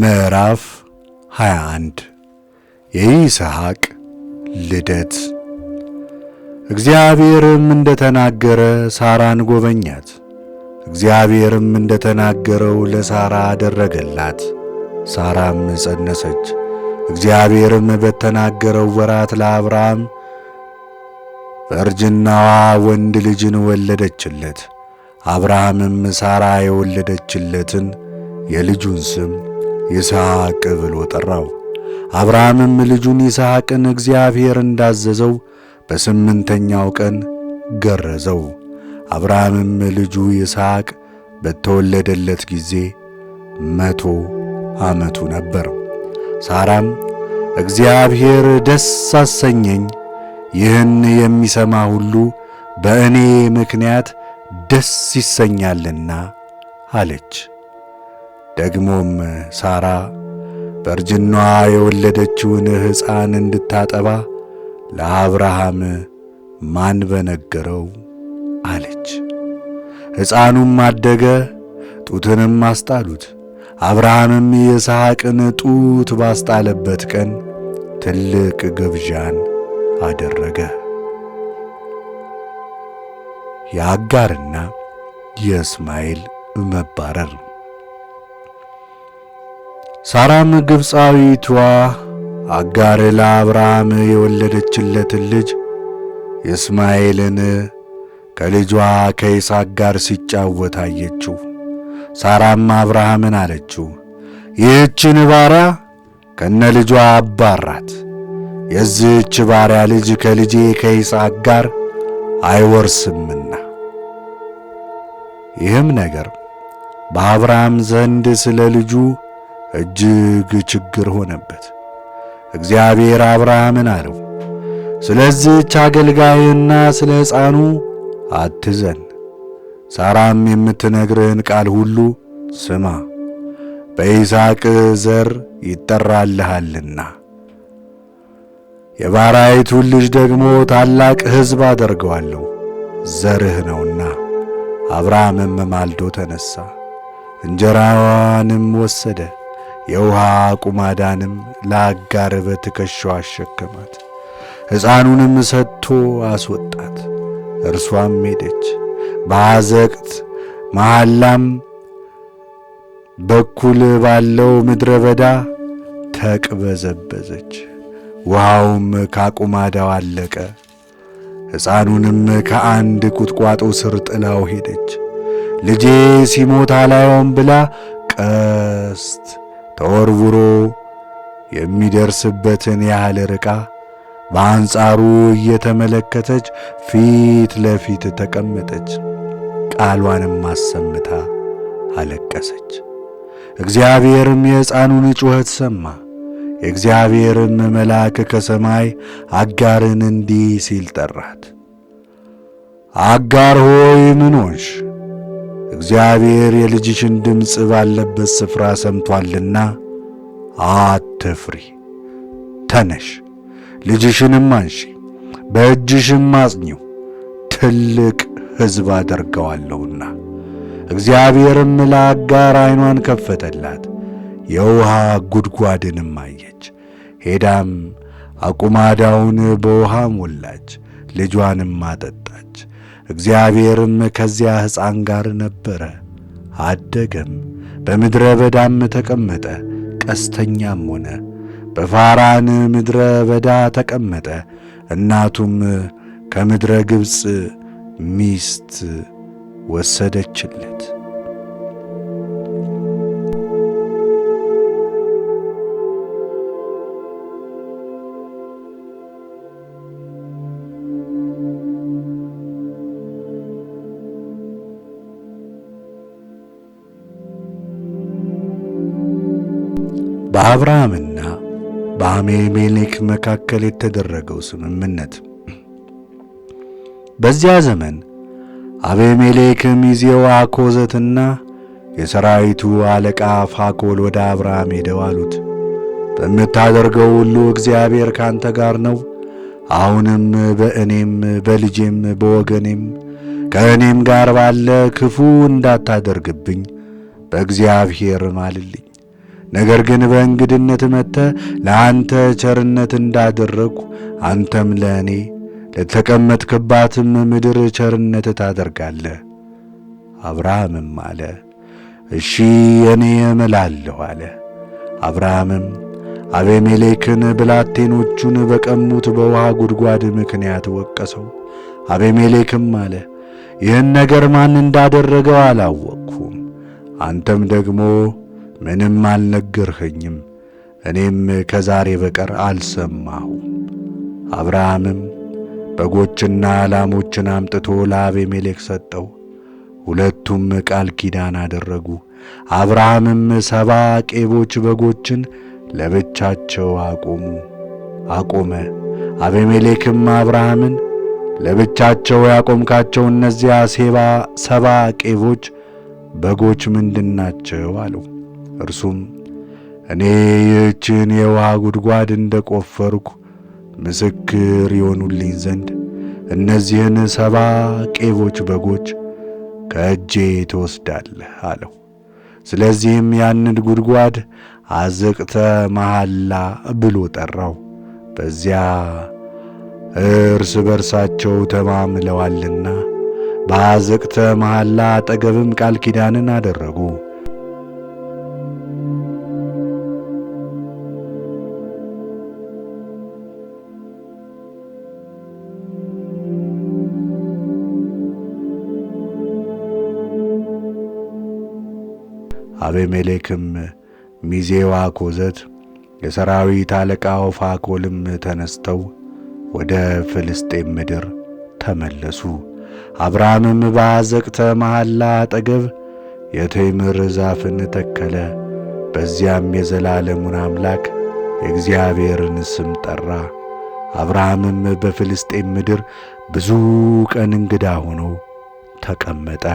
ምዕራፍ 21 የይስሐቅ ልደት። እግዚአብሔርም እንደተናገረ ሳራን ጎበኛት፣ እግዚአብሔርም እንደተናገረው ለሳራ አደረገላት። ሳራም ጸነሰች። እግዚአብሔርም በተናገረው ወራት ለአብርሃም በእርጅናዋ ወንድ ልጅን ወለደችለት። አብርሃምም ሳራ የወለደችለትን የልጁን ስም ይስሐቅ ብሎ ጠራው። አብርሃምም ልጁን ይስሐቅን እግዚአብሔር እንዳዘዘው በስምንተኛው ቀን ገረዘው። አብርሃምም ልጁ ይስሐቅ በተወለደለት ጊዜ መቶ ዓመቱ ነበር። ሳራም እግዚአብሔር ደስ አሰኘኝ፣ ይህን የሚሰማ ሁሉ በእኔ ምክንያት ደስ ይሰኛልና አለች። ደግሞም ሳራ በእርጅኗ የወለደችውን ሕፃን እንድታጠባ ለአብርሃም ማን በነገረው አለች። ሕፃኑም አደገ፣ ጡትንም አስጣሉት። አብርሃምም የይስሐቅን ጡት ባስጣለበት ቀን ትልቅ ግብዣን አደረገ። የአጋርና የእስማኤል መባረር ሳራም ግብፃዊቷ አጋር ለአብርሃም የወለደችለትን ልጅ እስማኤልን ከልጇ ከይስሐቅ ጋር ሲጫወት አየችው። ሳራም አብርሃምን አለችው፣ ይህችን ባሪያ ከነ ልጇ አባራት። የዚህች ባሪያ ልጅ ከልጄ ከይስሐቅ ጋር አይወርስምና። ይህም ነገር በአብርሃም ዘንድ ስለ ልጁ እጅግ ችግር ሆነበት። እግዚአብሔር አብርሃምን አለው፣ ስለዚህች አገልጋይና ስለ ሕፃኑ አትዘን። ሳራም የምትነግርህን ቃል ሁሉ ስማ፣ በይስሐቅ ዘር ይጠራልሃልና የባራይቱ ልጅ ደግሞ ታላቅ ሕዝብ አደርገዋለሁ ዘርህ ነውና። አብርሃምም ማልዶ ተነሣ፣ እንጀራዋንም ወሰደ የውሃ ቁማዳንም ለአጋር በትከሻዋ አሸከማት። ሕፃኑንም ሰጥቶ አስወጣት። እርሷም ሄደች። በአዘቅት መሐላም በኩል ባለው ምድረ በዳ ተቅበዘበዘች። ውሃውም ካቁማዳው አለቀ። ሕፃኑንም ከአንድ ቁጥቋጦ ስር ጥላው ሄደች። ልጄ ሲሞት አላየውም ብላ ቀስት ተወርውሮ የሚደርስበትን ያህል ርቃ በአንጻሩ እየተመለከተች ፊት ለፊት ተቀመጠች። ቃሏንም አሰምታ አለቀሰች። እግዚአብሔርም የሕፃኑን ጩኸት ሰማ። የእግዚአብሔርም መልአክ ከሰማይ አጋርን እንዲህ ሲል ጠራት፣ አጋር ሆይ ምን ሆንሽ? እግዚአብሔር የልጅሽን ድምፅ ባለበት ስፍራ ሰምቷልና አትፍሪ። ተነሽ፣ ልጅሽንም አንሺ፣ በእጅሽም አጽኚው፣ ትልቅ ሕዝብ አደርገዋለሁና። እግዚአብሔርም ለአጋር ዐይኗን ከፈተላት፣ የውሃ ጉድጓድንም አየች። ሄዳም አቁማዳውን በውሃ ሞላች፣ ልጇንም አጠጣች። እግዚአብሔርም ከዚያ ሕፃን ጋር ነበረ፣ አደገም፣ በምድረ በዳም ተቀመጠ፣ ቀስተኛም ሆነ። በፋራን ምድረ በዳ ተቀመጠ። እናቱም ከምድረ ግብፅ ሚስት ወሰደችለት። በአብርሃምና በአሜሜሌክ መካከል የተደረገው ስምምነት። በዚያ ዘመን አቤሜሌክም ሚዜው አኮዘትና የሰራዊቱ አለቃ ፋኮል ወደ አብርሃም ሄደው አሉት፣ በምታደርገው ሁሉ እግዚአብሔር ካንተ ጋር ነው። አሁንም በእኔም በልጄም በወገኔም ከእኔም ጋር ባለ ክፉ እንዳታደርግብኝ በእግዚአብሔር ማልልኝ። ነገር ግን በእንግድነት መጥተ ለአንተ ቸርነት እንዳደረግሁ አንተም ለእኔ ለተቀመጥክባትም ምድር ቸርነት ታደርጋለህ። አብርሃምም አለ እሺ እኔ እምላለሁ አለ። አብርሃምም አቤሜሌክን ብላቴኖቹን በቀሙት በውሃ ጉድጓድ ምክንያት ወቀሰው። አቤሜሌክም አለ ይህን ነገር ማን እንዳደረገው አላወቅሁም። አንተም ደግሞ ምንም አልነገርኸኝም፣ እኔም ከዛሬ በቀር አልሰማሁም። አብርሃምም በጎችና ላሞችን አምጥቶ ለአቤሜሌክ ሰጠው። ሁለቱም ቃል ኪዳን አደረጉ። አብርሃምም ሰባ ቄቦች በጎችን ለብቻቸው አቆሙ አቆመ። አቤሜሌክም አብርሃምን ለብቻቸው ያቆምካቸው እነዚያ ሴባ ሰባ ቄቦች በጎች ምንድናቸው? አለው። እርሱም እኔ ይህችን የውሃ ጉድጓድ እንደ ቆፈርኩ ምስክር የሆኑልኝ ዘንድ እነዚህን ሰባ ቄቦች በጎች ከእጄ ትወስዳለህ አለው። ስለዚህም ያንን ጉድጓድ አዘቅተ መሐላ ብሎ ጠራው። በዚያ እርስ በርሳቸው ተማምለዋልና በአዘቅተ መሐላ አጠገብም ቃል ኪዳንን አደረጉ። አቤሜሌክም ሚዜዋ ኮዘት የሰራዊት አለቃ ኦፋኮልም ተነስተው ወደ ፍልስጤም ምድር ተመለሱ። አብርሃምም በአዘቅተ መሐላ አጠገብ የቴምር ዛፍን ተከለ። በዚያም የዘላለሙን አምላክ የእግዚአብሔርን ስም ጠራ። አብርሃምም በፍልስጤም ምድር ብዙ ቀን እንግዳ ሆኖ ተቀመጠ።